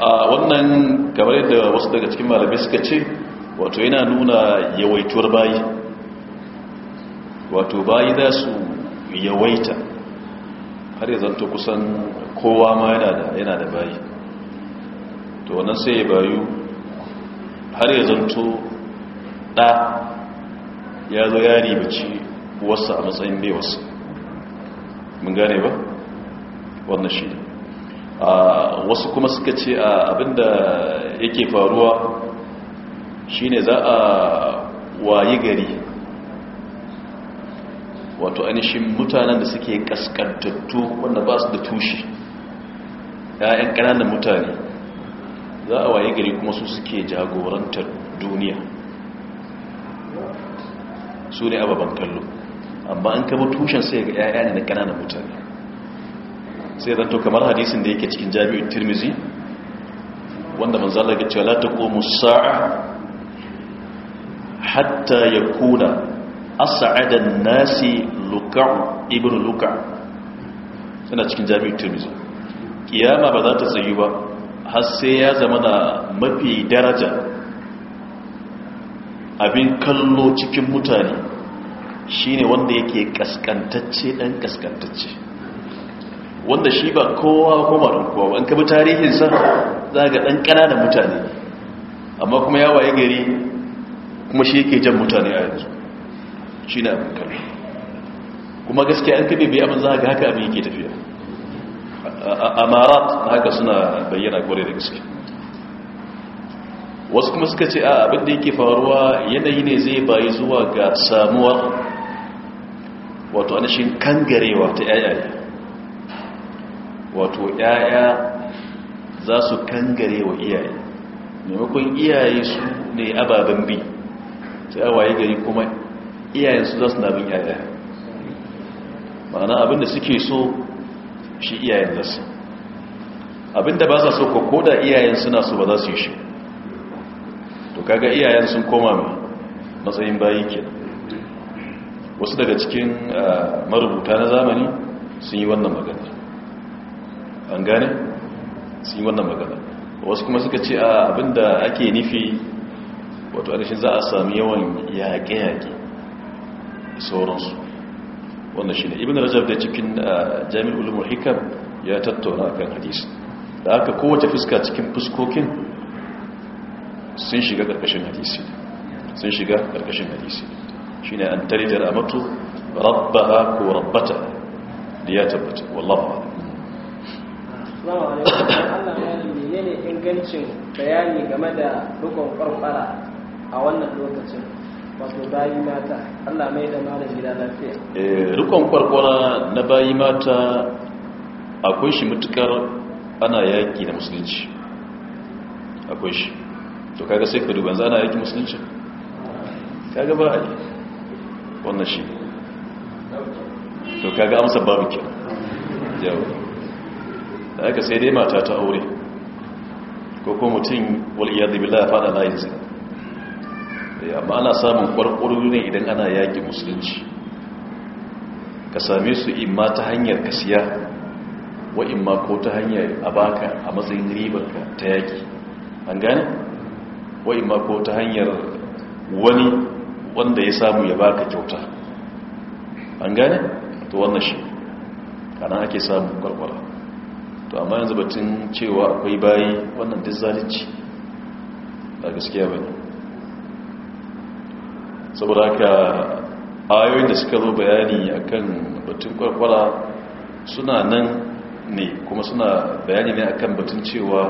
a wannan kamar yadda wasu daga cikin malamai suka ce wato yana nuna yawaituwar bayi wato bayi za su yawaita har yanzu to kusan kowa ma yana da bayi to wannan sai ya bayu har yanzu to ɗa ya zo ya ribaci wasu a matsayin bewasu mun gane ba wannan shi ne wasu kuma suka ce abinda yake faruwa shine za a wayi gari wato ainihin mutanen da suke kaskantattu wanda ba su da tushe ya'yan ƙananan mutane za a wayi gari kuma su suke jagorantar duniya su ne ababen kallo amma an kama tushen sai ga 'ya'ya ne na ƙananan mutane sai zanto kamar hadisin da yake cikin jami'in tirmizi wanda manzala ga cewa ta taqumu sa'a hatta kuna as'ada an-nasi luka'u ibn luka' suna cikin jami'in tirmizi kiyama ba za ta tsayu ba har sai ya zama da mafi daraja abin kallo cikin mutane shine wanda yake kaskantacce dan kaskantacce wanda shi ba kowa ko ba kowa ba in ka bi tarihinsa za ga ɗan ƙananan mutane amma kuma ya waye gari kuma shi yake jan mutane a yanzu shi na abin kare kuma gaskiya an kabe bai abin za ga haka abin yake tafiya amarat na haka suna bayyana kwarai da gaske wasu kuma suka ce a abin da yake faruwa yanayi ne zai bayi zuwa ga samuwar wato anashin kangarewa ta yayaye wato ‘ya'ya za su kangare wa iyaye maimakon iyaye su ne ababen bi sai awaye gari kuma iyayen su za su nabin ‘ya'ya ma'ana abinda suke so shi iyayen nasu abinda ba sa so ko koda iyayen suna so ba za su yi shi to kaga iyayen sun koma mai matsayin bayi ke wasu daga cikin ah, marubuta na zamani sun yi wannan magana an gane su yi wannan magana wasu kuma suka ce a abinda ake nufi wato ainihin za a sami yawan yaƙe-yaƙe sauransu wannan shi ne ibn rajab da cikin jami'in ulumar hikam ya tattauna kan hadisi da aka kowace fuska cikin fuskokin sun shiga ƙarƙashin hadisi sun shiga ƙarƙashin hadisi shi ne an tarijar amatu rabba ko rabbata da ya tabbata wallafa Assalamu alaikum. Allah ya yi menene ingancin bayani game da rukun kwarkwara a wannan lokacin wato bayi mata. Allah mai da malam gida lafiya. Eh rukun kwarkwara na bayi mata akwai shi mutukar ana yaki da musulunci. Akwai shi. To kaga sai ka duba ana yaki musulunci. Kaga ba ai. Wannan shi. To kaga amsa babu kyau. Jawo. da aka sai dai mata ta aure ko ko mutum waliyar dubila ya fada layin zina eh, amma ana samun kwarkwaro ne idan ana yaƙi musulunci ka same su imma ta hanyar kasiya wa imma ko ta hanyar a a matsayin ribarka ta yaƙi an gane wa imma ko ta hanyar wani wanda ya samu ya baka kyauta an gane to wannan shi kana ake samun kwarkwara to amma yanzu batun cewa akwai bayi wannan duk zalunci ba gaskiya ba ne saboda haka ayoyin da suka zo bayani akan batun kwarkwara suna nan ne kuma suna bayani ne akan batun cewa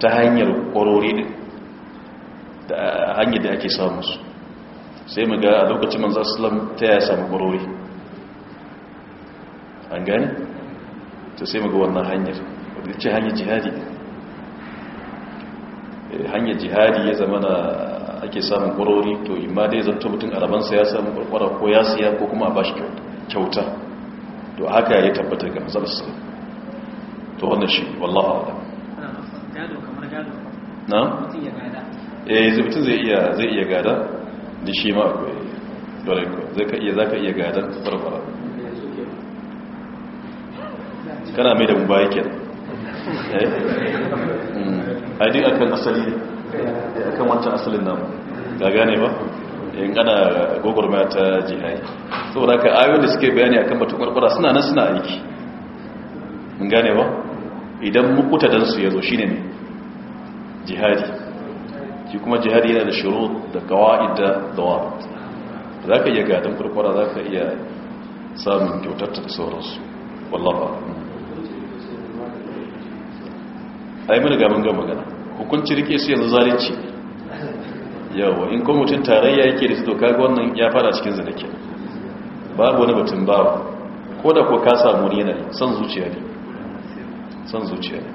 ta hanyar kwarori ne da hanyar da ake samu su sai mu ga a lokacin manzan islam ta ya samu kwarori an gani ta sai mu ga wannan hanyar ce hanyar jihadi eh, hanyar jihadi ya zama na ake samun kwarori to ma dai zanto mutum a rabansa ya samu kwarkwara ko ya siya ko kuma a bashi kyauta to haka ya tabbata ga mazalarsa to wannan shi wallaha wadda na? eh mutum zai iya zai iya gada da shi ma akwai dole ko zai ka iya zaka iya kana mai da mubayi kenan Eh? Hmm. aidi akan asali akan wancan asalin namu ga gane ba in ana gogorma ta jihari saboda ka ayoyin da suke bayani akan batun kwarkwara suna nan suna aiki mun gane ba idan mukuta dan su yazo shine ne jihadi ki kuma jihadi yana da shuru da qawaid da dawabit zaka iya dan kwarkwara zaka iya samun kyautar ta sauransu wallahi ai mun ga mun ga magana hukunci rike su yanzu zalunci yawa in kuma mutum tarayya yake da su to kaga wannan ya fara cikin zina ke babu wani batun babu ko da ko ka samu ne yana san zuciya ne san zuciya ne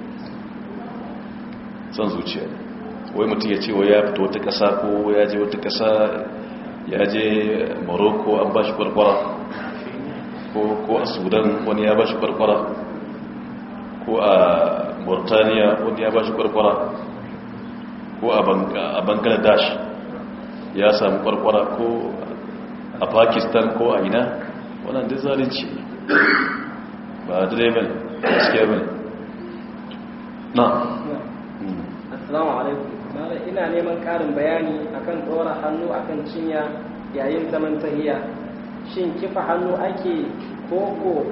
san zuciya ne wai mutum ya ce wa ya fito wata ƙasa ko ya je wata ƙasa ya je morocco an ba shi kwarkwara ko a sudan wani ya ba shi kwarkwara ko a burtaniya wani ya ba shi kwarkwara ko a bangladesh ya samu kwarkwara ko a pakistan ko a ina wannan da zalunci ba a gaskiya bane na hmm. assalamu alaikum ina neman karin bayani akan tsora hannu akan cinya yayin zaman tahiya shin kifa hannu ake koko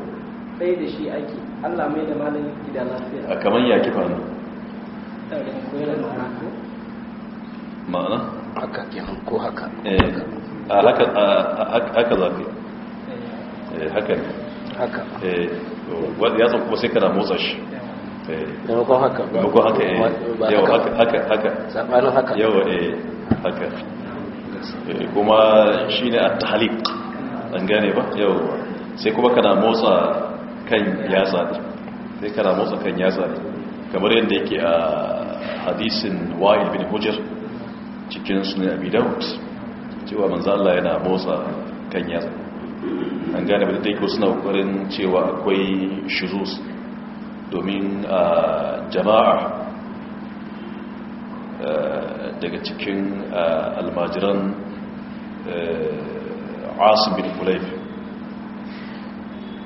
sai da shi ake Allah mai da malin gida lafiya a kamar yaki kifa ne ma'ana haka kenan ko haka eh, a haka haka zafi eh. Eh, haka ne haka ya san kuma sai kana motsa shi ko haka ba. ko haka yau haka haka saɓanin haka yau haka kuma shi ne a an gane ba yau sai kuma kana motsa kan yatsa ne sai kana motsa kan yatsa ne kamar yadda yake a hadisin wa'il bin hujjar cikin sunan abi cewa Manzala yana motsa kan yatsa an gane ba dai ko suna kwarin cewa akwai shuzus domin a jama'a daga cikin almajiran asibin bin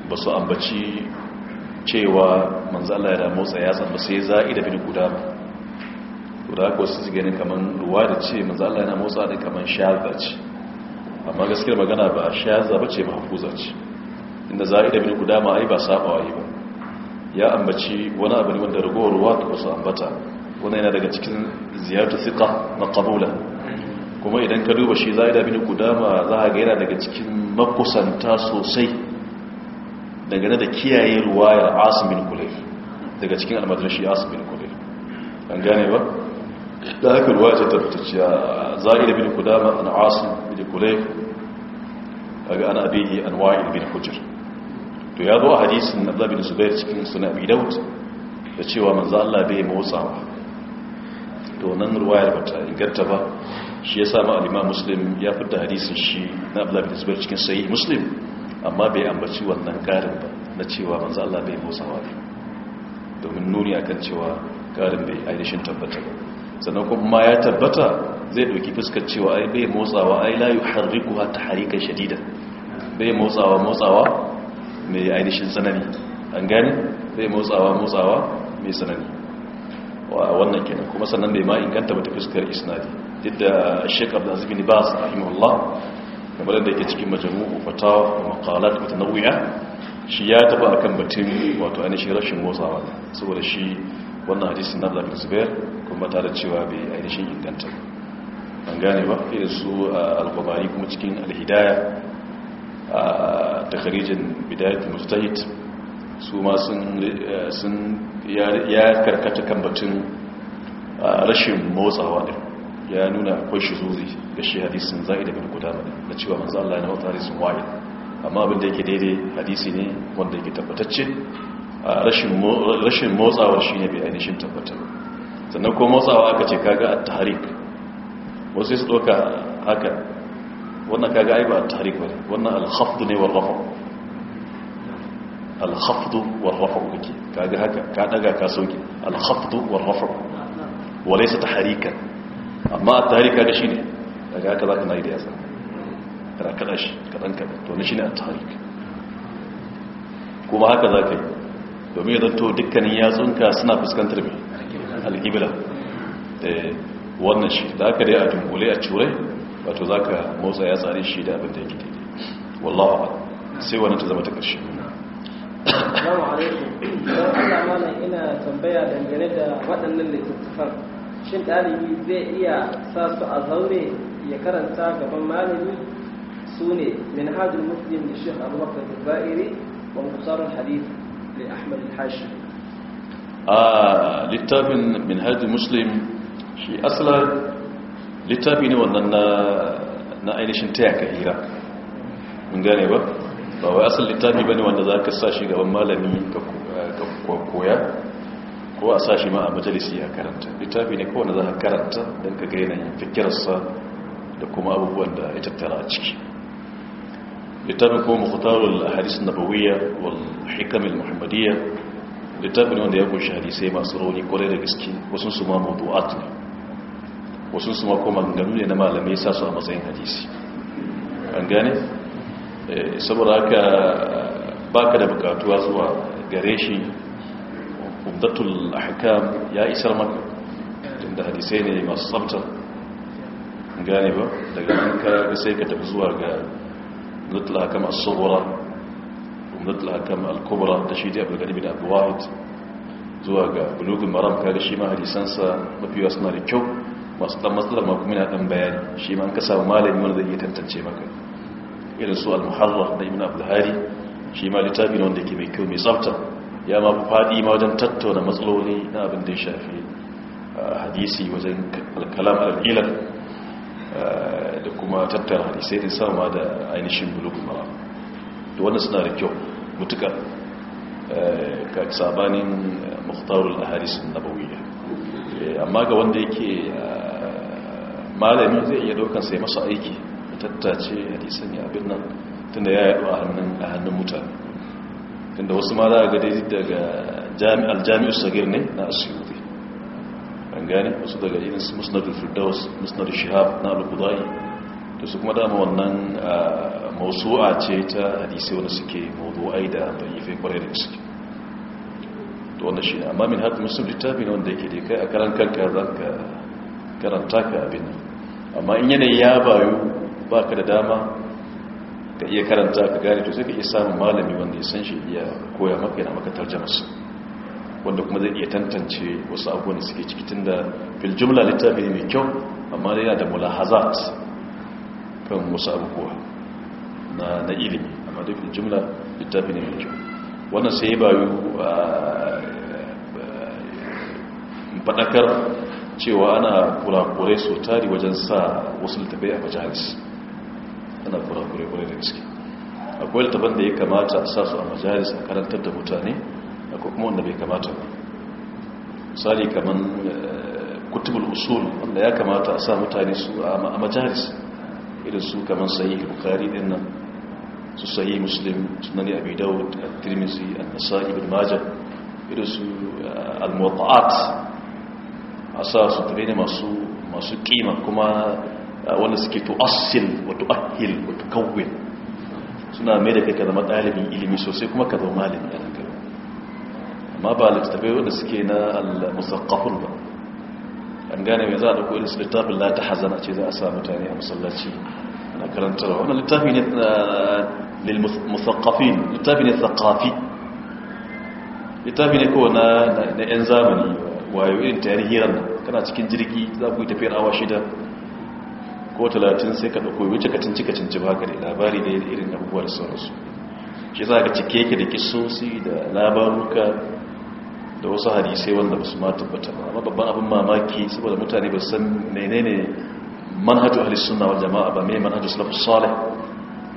ba su ambaci cewa manzala ya damu tsaye yatsan ba sai za'i da bin guda ba guda ko su gani kamar ruwa da ce manzala yana motsa ne kamar shaza ce amma gaskiyar magana ba shaza ba ce mahafuza ce inda za'i da bin guda ma ai ba sabawa yi ba ya ambaci wani abu ne wanda ragowar ruwa da wasu ambata wani yana daga cikin ziyartar siƙa na ƙabula kuma idan ka duba shi za'i da bin guda ma za a ga yana daga cikin makusanta sosai daga da kiyaye ruwayar asimin bin daga cikin almadrashi asim bin kulayf an gane ba da haka ruwaya ta tabbatacciya za'ida bin kudama an asim bin kulayf daga ana abiyi an wa'id bin hujr to ya zo a hadisin da su zubair cikin suna bi daud da cewa manzo Allah bai motsawa to nan ruwayar bata inganta ba shi ya ma al muslim ya da hadisin shi na abdullah da zubair cikin sahih muslim amma bai ambaci wannan garin ba na cewa manzo Allah bai motsawa ba domin nuni akan cewa garin bai ainihin tabbata ba sannan kuma ya tabbata zai ɗauki fuskar cewa ai bai motsawa ai la yuharrikuha tahrikan shadida bai motsawa motsawa mai ainihin sanani an gane bai motsawa motsawa mai sanani Wa wannan kenan kuma sannan bai ma inganta wata fuskar isnadi duk da sheik abdulaziz bin bas rahimahullah kamar da ke cikin majamu'u fata makalat mutanawwiya shi ya taba akan batun wato ainihin rashin motsawa ne saboda shi wannan hadisin na Abdul Zubair kuma tare cewa bai ainihin inganta an gane ba irin su al-Bukhari kuma cikin al-Hidayah a takharijin bidayat mustahid su ma sun eh, sun ya karkata kan batun rashin motsawa ne. ya nuna akwai shuzuzi da shi hadisin za'i daga guda da cewa manzo Allah yana wata hadisin wa'i amma abin da yake daidai hadisi ne wanda yake tabbatacce rashin motsawar shi ne bai ainihin tabbatar sannan ko motsawa aka ce kaga a tarik wasu su ɗauka haka wannan kaga ai ba a tarik ba wannan al alhafdu ne warrafa alhafdu warrafa kake kaga haka ka daga ka sauke alhafdu warrafa walaisa taharikan amma a tari da shi ne daga haka za ka na yi da yasa kana kaɗa shi kaɗan kaɗan to na shi ne a tari kuma haka za ka yi domin ya zanto dukkanin yatsunka suna fuskantar mai da eh, wannan shi da haka dai a dunkule a cure wato za ka motsa ya tsari shi da abin da ya daidai wallawa sai wani ta zama ta ƙarshe Assalamu alaikum. Don Allah malam ina tambaya dangane da waɗannan littattafan shin ɗalibi zai iya sa su a zaure ya karanta gaban malami su ne min hajjul muslim da shi abubakar ba'iri wa musarar hadith da ahmad hashi a littafin min hajjul muslim shi asala littafi ne wannan na ainihin taya ka hira mun gane ba ba wai asal littafi ba ne wanda za ka sa shi gaban malami ka koya ko a sashi ma a majalisi a karanta littafi ne kowane za a karanta don ka ga yanayin fikirarsa da kuma abubuwan da ya tattara a ciki littafin kuma mukhtarul hadis nabawiyya wal hikamil muhammadiyya littafin wanda ya kunshi hadisai masu rauni kwarai da gaske wasu su ma mawdu'at ne wasu su ma kuma ganganu ne na malamai sa su a matsayin hadisi an gane saboda haka baka da bukatuwa zuwa gare shi umdatul ahkam ya isar maka tunda hadisai ne masu tsabta gane ba daga nan ka sai ka tafi zuwa ga umdatul ahkam as-sughra umdatul ahkam al-kubra da shi da Abdul Ghani bin Abdul Wahid zuwa ga bulugul maram kaga shi ma hadisansa mafi wasu na da kyau masu dan matsalar ma kuma yana dan bayani shi ma an ka samu malami wanda zai iya tantance maka irin su al-muharrar da ibn Abdul Hari shi ma littafi ne wanda yake mai kyau mai tsabta ya ma faɗi ma wajen tattauna matsaloli na abin da ya shafi hadisi wajen kalam al'ilar da kuma tattara hadisai da sama da ainihin bulugun mara da wannan suna da kyau mutuka ka sabanin muhtarul harisun nabawiyya e, amma ga wanda yake malami zai iya dokan sai masa aiki da tattace hadisan ya abin nan tunda ya yi a hannun mutane tunda wasu ma za a gade daga aljami'u sagir ne na asiyuti an gani wasu daga irin su musnadul firdaus musnadu shahab na al da su kuma dama wannan mausu'a ce ta hadisi wani suke mawdu'ai da bayyafe kwarai da suke to wanda shi ne amma min haɗin musul littafi ne wanda yake da kai a karan kanka za ka karanta ka abin amma in yanayi ya bayu ba ka da dama ka iya karanta ka gane to sai ka iya samun malami wanda ya san shi iya koya maka yana maka tarjamasa wanda kuma zai iya tantance wasu abubuwan da suke ciki tunda fil jumla littafi ne mai kyau amma yana da mulahazat kan wasu abubuwa na na ilimi amma duk fil jumla littafi ne mai kyau wannan sai ya bayu faɗakar cewa ana kurakurai sau tari wajen sa wasu littafai a majalis tana kurakure kwarai da gaske akwai littafin da ya kamata a sasu a majalis a karantar da mutane akwai kuma wanda bai kamata ba misali kamar eh, kutubul usul wanda ya kamata a sa mutane su a majalis idan su kamar sayi bukari din nan su sayi muslim sunani abi dawud at-tirmidhi an-nasa'i ibn su eh, al-muwatta'at a sa su tare ne masu kima kuma wanda suke tu'assil wa tu'ahil wa tukawwin suna mai da kai ka zama ɗalibin ilimi sosai kuma ka zama malin ɗan kai amma ba littattafai wanda suke na al-musaqqafun ba an gane mai za a ɗauko irin su littafin la ta hazana ce za a sa mutane a na karanta karantarwa wannan littafi ne ah, lil musaqqafin littafi ne thaqafi littafi ne kawai na 'yan zamani wayo irin tarihiran kana cikin jirgi za ku yi tafiyar awa shida ko talatin sai ka ɗauko wuce ka cinci ka cinci ba ka da labari da irin abubuwar sauransu shi za ka cike yake da kisosi da labaruka da wasu hadisai wanda ba su ma tabbata ba amma babban abin mamaki saboda mutane ba san ne manhajo ahli sunna wal jama'a ba mai manhajo salaf salih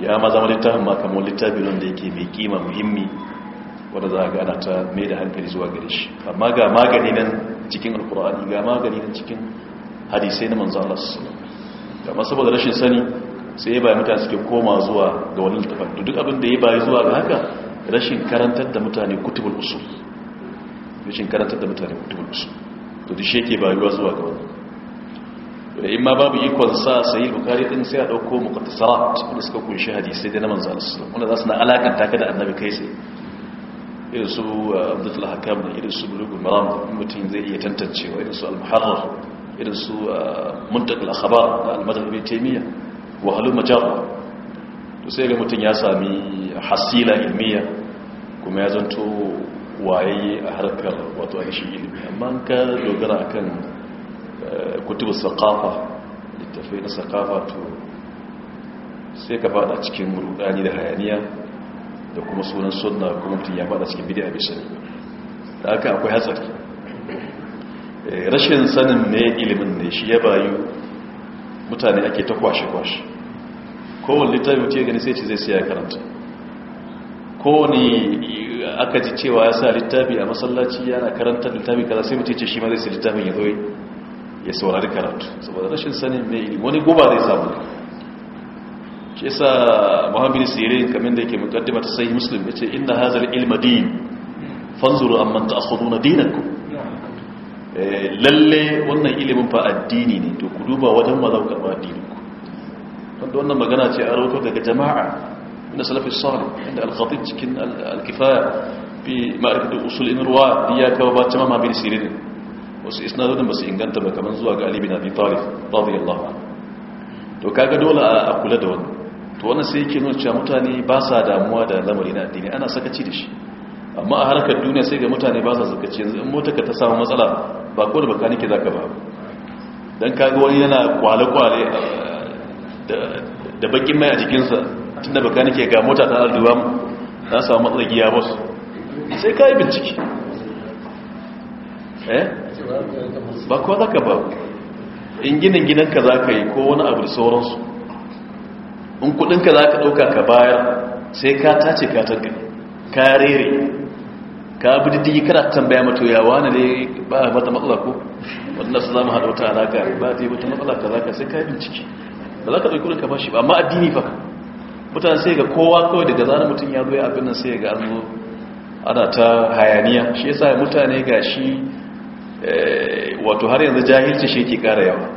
ya ma zama littafin ma kamar littafin wanda yake mai kima muhimmi wanda za a gana ta mai da hankali zuwa gare shi amma ga magani nan cikin alkur'ani ga magani nan cikin hadisai na manzo Allah sallallahu amma saboda rashin sani sai ya ba mutane suke koma zuwa ga wani littafin duk abin da ya bayi zuwa ga haka rashin karantar da mutane kutubul usul rashin karantar da mutane kutubul usul to duk shi yake bayuwa zuwa ga wani in ma babu ikon sa sai bukari din sai a dauko muqtasarat da suka kunshi hadisi da na manzo Allah sallallahu alaihi wasallam wanda zasu na alakanta ka da annabi kai sai irin su uh, Abdul Hakam da irin su Bulugul Maram mutum zai iya tantancewa irin su Al-Muharrar irin su ah, muntakul akhbar da al-madhhabi taymiya wa halu majaba to sai ga mutun ya sami hasila ilmiya kuma ya zanto waye a harkar wato aishi ilmi amma ka dogara akan eh, kutubu saqafa littafai na saqafa to sai ka fada cikin rudani da hayaniya da kuma sunan sunna kuma mutun ya fada cikin bid'a bisani da haka akwai hatsari Eh, rashin sanin ne ilimin ne shi ya bayu mutane ake ta kwashe-kwashe kowane littafi mutu ya gani sai ce zai siya karanta kowane aka ji cewa ya sa littafi a masallaci yana karanta littafi kada sai mutu ce shi ma zai sai littafin ya zoye ya saurari karatu saboda rashin sanin ne ilimin wani guba zai samu ce yasa muhammadu sirin kamar da yake mukaddima ta sai muslim ya ce inna hazar ilmadi fanzuru amma ta akhuduna dinanku. lalle wannan ilimin fa addini ne to ku duba wajen ma za ku karɓa addini ku wanda wannan magana ce a rawato daga jama'a inda salafi salih inda alkhatib cikin alkifaya bi ma'arifin usul in ruwa ya kawo ba cama ma bin sirin wasu isnadodin ba su inganta ba kamar zuwa ga ali bin abi talib radiyallahu anhu to kaga dole a kula da wannan to wannan sai yake nuna cewa mutane ba sa damuwa da lamari na addini ana sakaci da shi amma a harkar duniya sai ga mutane ba sa sakaci yanzu in motarka ta samu matsala ba ko da ke za ka ba don kaga wani yana kwale-kwale eh, da bakin mai a jikinsa tun da ke ga mota ta arduwa na samu matsagiya ba su sai ka yi bincike eh ba kuwa za ka ba in ginin gidanka za ka yi ko wani abu da sauransu in kudinka za ka ɗauka ka bayar sai ka tace katanka ka rere ka bi diddigi kada tambaya mato ya wani ne ba mata matsala ko wadanda su zama haɗa wata alaƙa ba ta yi mata matsala ka za ka sai ka yi bincike ba za ka ɗauki ka bashi ba amma addini fa mutane sai ga kowa kawai daga zana mutum ya zo ya abin nan sai ga an zo ana ta hayaniya shi yasa mutane ga shi eh, wato har yanzu jahilci shi ke ƙara yawa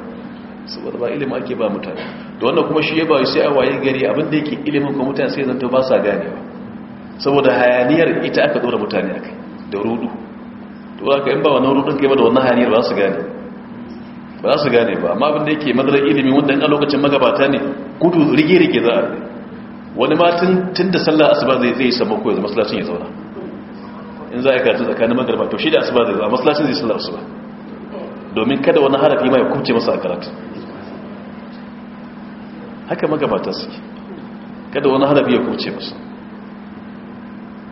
saboda ba ilimin ake ba mutane da wannan kuma shi ya ba sai a waye gari abin da yake ilimin kuma mutane sai zanto ba sa ganewa saboda hayaniyar ita aka dora mutane akai da rudu to haka in ba wannan rudun kai ba da wannan hanyar ba su gane ba su gane ba amma abin da yake madarar ilimi wanda a lokacin magabata ne gudu rige-rige za a wani ma tun tun da sallah asuba zai zai samu ko yanzu masallacin ya zauna in za a yi karatu tsakanin magarba to shi da asuba zai zauna masallacin zai sallah asuba domin kada wani harafi ma ya kubce masa a karatu haka magabata suke kada wani harafi ya kubce masa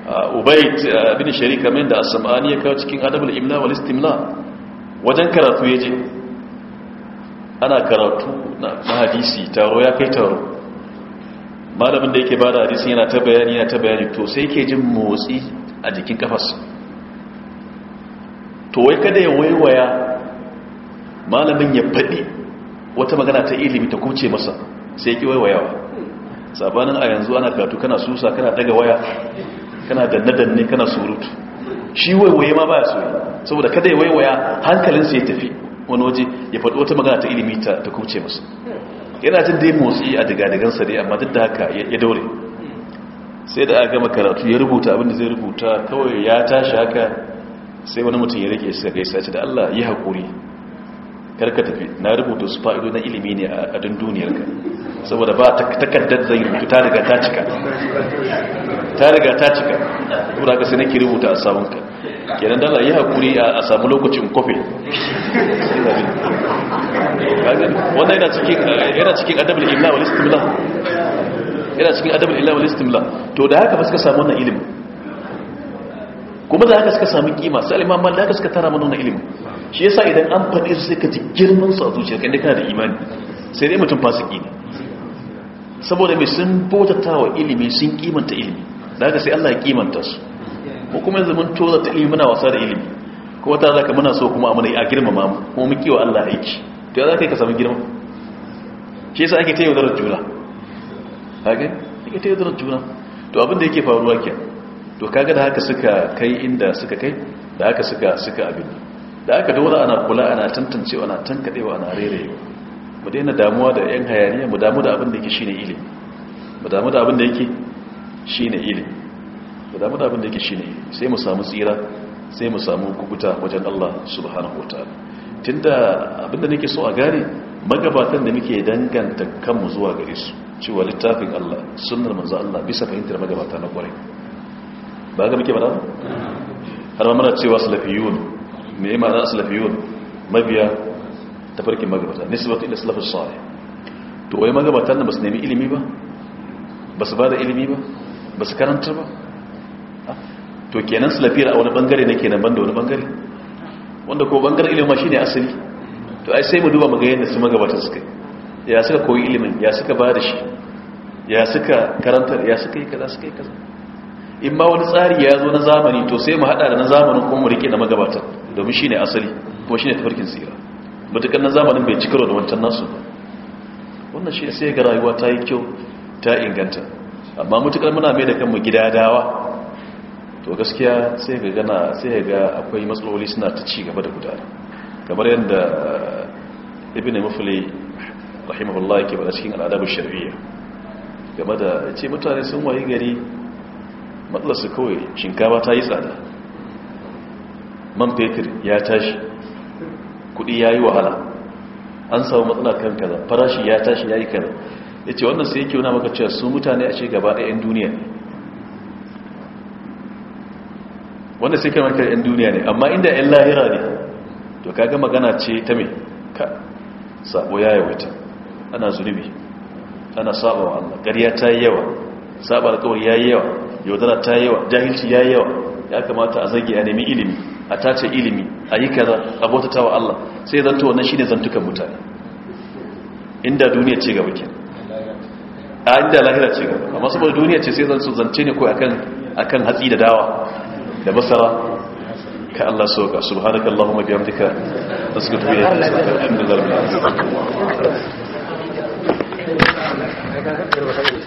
Uh, ubayd uh, bin sharik kamar da as ya kawo cikin adabul imla wal istimla wajen karatu yaje ana karatu na hadisi taro ya kai taro malamin da yake bada hadisi yana ta bayani yana ta bayani to sai ke jin motsi a jikin kafarsa to wai kada ya waiwaya malamin ya faɗi wata magana ta ilimi ta kuce masa sai ki waiwayawa sabanin a yanzu ana karatu kana susa kana daga waya kana danne-danne kana surutu shi waiwaye ma ba ya soyi saboda kada ya waiwaya hankalinsa ya tafi wani waje ya faɗi wata magana ta ilimi ta kuce masu. yana jin dai motsi a sa dai amma duk da haka ya daure sai da aka gama karatu ya rubuta abin da zai rubuta kawai ya tashi haka sai wani mutum ya rike su gaisa ce da Allah yi hakuri. karka tafi na rubuta su fa'ido na ilimi ne a dun duniyarka saboda ba ta takardar zai rubuta ta riga ta cika ta riga ta cika da ka sai nake rubuta a ka kenan dala yi hakuri a samu lokacin kofi wannan yana cikin adabul illa wal istimla yana cikin adabul illa wal istimla to da haka ba suka samu wannan ilimin kuma da haka suka samu kima sai da haka suka tara mana wannan ilimin shi yasa idan an faɗi su sai ka ji girman su a zuciyarka inda kana da imani sai dai mutum fasiki ne saboda mai sun bautata wa ilimi sun kimanta ilimi da haka sai Allah ya kimanta su ko kuma yanzu mun toza ta ilimi muna wasa da ilimi ko ta zaka muna so kuma amana a girmama mu kuma mu kiwa Allah aiki to ya zaka ka samu girma shi yasa ake tayyau da juna kage ake tayyau da juna to abin da yake faruwa kenan to kaga da haka suka kai inda suka kai da haka suka suka abin da aka dora ana kula ana tantancewa ana tankadewa ana rerewa mu daina damuwa da yan hayaniya mu damu da abin da yake shine ilimi mu damu da abin da yake shine ilimi mu damu da abin da yake shine sai mu samu tsira sai mu samu kubuta wajen Allah subhanahu wataala tunda abin da nake so a gane magabatan da muke danganta kanmu zuwa gare su cewa littafin Allah sunnar manzo Allah bisa fahimtar magabata na kwarai ba ga muke ba har ma mana cewa salafiyun mai ma za salafiyun mabiya tafarkin magabata nisbatu ila salafus salih to wai magabatan da basu nemi ilimi ba basu bada ilimi ba basu karanta ba ah, to kenan salafiyar a wani bangare ne kenan banda wani bangare wanda ko bangaren ilimi ne asali to ai sai mu duba muga yadda su magabatan suka ya suka koyi ilimin ya suka da shi ya suka karanta ya suka yi kaza suka yi kaza in ma wani tsari ya zo na zamani to sai mu hada da na zamanin kuma mu rike na magabatan domin shine asali kuma shine tafarkin tsira mutukan na zamanin bai cikaro da wancan nasu wannan shi sai ga rayuwa ta yi kyau ta inganta amma mutukan muna mai da kanmu gida dawa to gaskiya sai ga gana sai ga akwai matsaloli suna ta ci gaba da gudana kamar yadda eh, ibn mufli ke yake bada cikin al'adabu shar'iyya game da yace mutane sun wayi gari matsalarsu kawai shinkawa ta yi tsada man fetur ya tashi kudi ya yi wahala an samu matsala kan kaza farashi ya tashi ya yi kaza ya ce wannan sai yake wuna maka cewa su mutane a ce gaba da 'yan duniya ne wanda sai kai maka 'yan duniya ne amma inda 'yan lahira ne to kaga magana ce ta mai ka sabo ya wata ana zunubi ana saba wa Allah ƙarya ta yi yawa saba alƙawar ya yi yawa yaudara ta yawa jahilci ya yawa ya kamata a zage a nemi ilimi a tace ilimi a yi kaza a bautata wa Allah sai zanto wannan shine zantukan mutane inda duniya ce gaba ke a inda lahira ce gaba amma saboda duniya ce sai zan su zance ne ko akan akan hatsi da dawa da basara ka Allah so ka subhanakallahumma bihamdika tasbihu wa alhamdulillah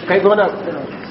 kai gona